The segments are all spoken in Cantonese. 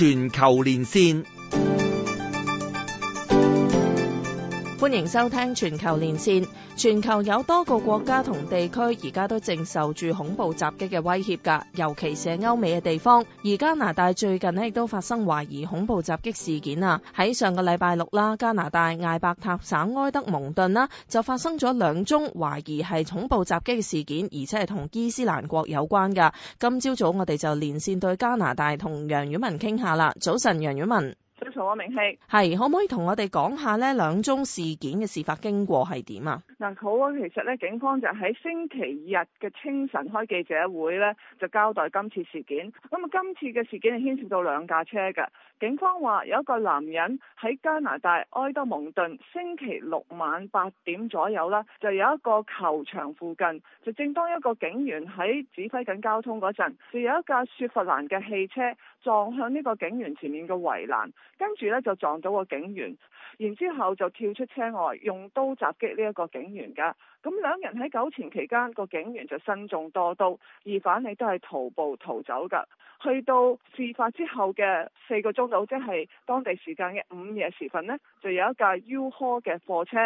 全球連線歡迎收聽全球連線。全球有多個國家同地區而家都正受住恐怖襲擊嘅威脅噶，尤其是歐美嘅地方。而加拿大最近呢亦都發生懷疑恐怖襲擊，擊事件啊！喺上個禮拜六啦，加拿大艾伯塔省埃德蒙頓啦就發生咗兩宗懷疑係恐怖襲擊嘅事件，而且係同伊斯蘭國有關噶。今朝早，早我哋就連線對加拿大同楊婉文傾下啦。早晨，楊婉文。明系，可唔可以同我哋講下呢兩宗事件嘅事發經過係點啊？嗱，好啊，其實呢，警方就喺星期日嘅清晨開記者會呢，就交代今次事件。咁啊，今次嘅事件係牽涉到兩架車嘅。警方話有一個男人喺加拿大埃德蒙頓星期六晚八點左右啦，就有一個球場附近，就正當一個警員喺指揮緊交通嗰陣，就有一架雪佛蘭嘅汽車撞向呢個警員前面嘅圍欄，跟住呢，就撞到個警員，然之後就跳出車外用刀襲擊呢一個警員噶。咁兩人喺糾纏期間，個警員就身中多刀，疑犯你都係徒步逃走噶。去到事發之後嘅四個鐘到，即係當地時間嘅午夜時分呢，就有一架 U haul 嘅貨車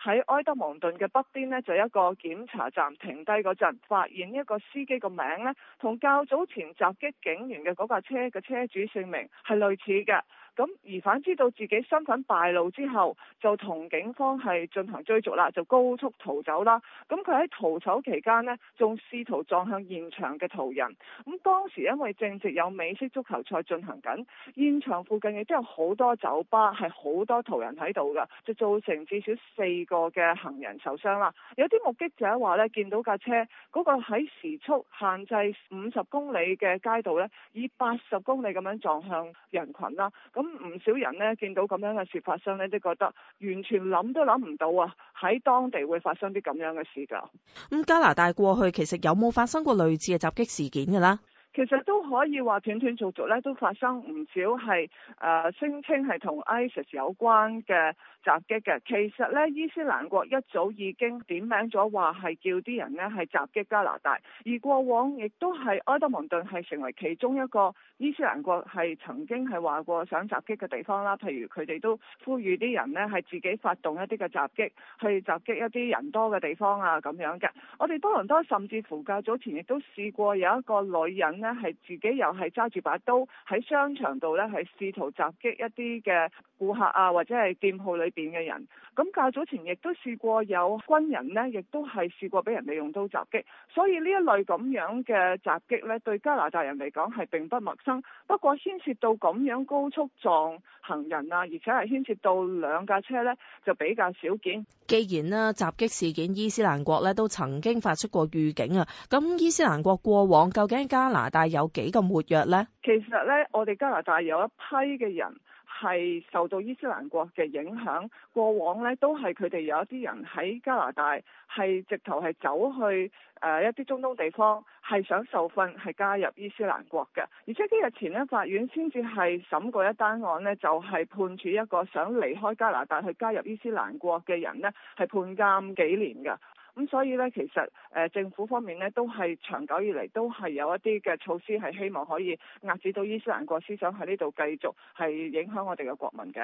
喺埃德蒙頓嘅北邊呢，就一個檢查站停低嗰陣，發現一個司機個名呢，同較早前襲擊警員嘅嗰架車嘅車主姓名係類似嘅。咁疑犯知道自己身份敗露之後，就同警方係進行追逐啦，就高速逃走啦。咁佢喺逃走期間呢，仲試圖撞向現場嘅途人。咁當時因為正值有美式足球賽進行緊，現場附近亦都有好多酒吧，係好多途人喺度噶，就造成至少四個嘅行人受傷啦。有啲目擊者話呢，見到架車嗰個喺時速限制五十公里嘅街道呢，以八十公里咁樣撞向人群啦。咁唔少人呢，見到咁樣嘅事發生呢，都覺得完全諗都諗唔到啊！喺當地會發生啲咁樣嘅事噶。咁加拿大過去其實有冇發生過類似嘅襲擊事件噶啦？其實都可以話斷斷續續咧，都發生唔少係誒、呃、聲稱係同 ISIS 有關嘅襲擊嘅。其實呢，伊斯蘭國一早已經點名咗話係叫啲人呢係襲擊加拿大，而過往亦都係埃德蒙頓係成為其中一個伊斯蘭國係曾經係話過想襲擊嘅地方啦。譬如佢哋都呼籲啲人呢係自己發動一啲嘅襲擊，去襲擊一啲人多嘅地方啊咁樣嘅。我哋多倫多甚至乎較早前亦都試過有一個女人。呢係自己又係揸住把刀喺商場度呢係試圖襲擊一啲嘅顧客啊，或者係店鋪裏邊嘅人。咁較早前亦都試過有軍人呢，亦都係試過俾人哋用刀襲擊。所以呢一類咁樣嘅襲擊呢，對加拿大人嚟講係並不陌生。不過牽涉到咁樣高速撞行人啊，而且係牽涉到兩架車呢，就比較少見。既然呢襲擊事件，伊斯蘭國呢都曾經發出過預警啊。咁伊斯蘭國過往究竟喺加拿大，但係有幾咁活躍呢？其實呢，我哋加拿大有一批嘅人係受到伊斯蘭國嘅影響，過往呢，都係佢哋有一啲人喺加拿大係直頭係走去誒、呃、一啲中東地方係想受訓，係加入伊斯蘭國嘅。而且幾日前呢，法院先至係審過一單案呢就係、是、判處一個想離開加拿大去加入伊斯蘭國嘅人呢係判監幾年嘅。咁所以咧，其實誒政府方面咧，都係長久以嚟都係有一啲嘅措施，係希望可以壓制到伊斯蘭國思想喺呢度繼續係影響我哋嘅國民嘅。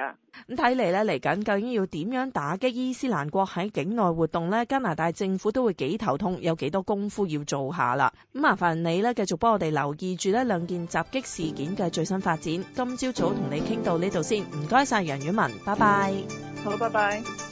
咁睇嚟咧，嚟緊究竟要點樣打擊伊斯蘭國喺境內活動咧？加拿大政府都會幾頭痛，有幾多功夫要做下啦。咁麻煩你咧，繼續幫我哋留意住呢兩件襲擊事件嘅最新發展。今朝早同你傾到呢度先，唔該晒。楊婉文，拜拜。好，拜拜。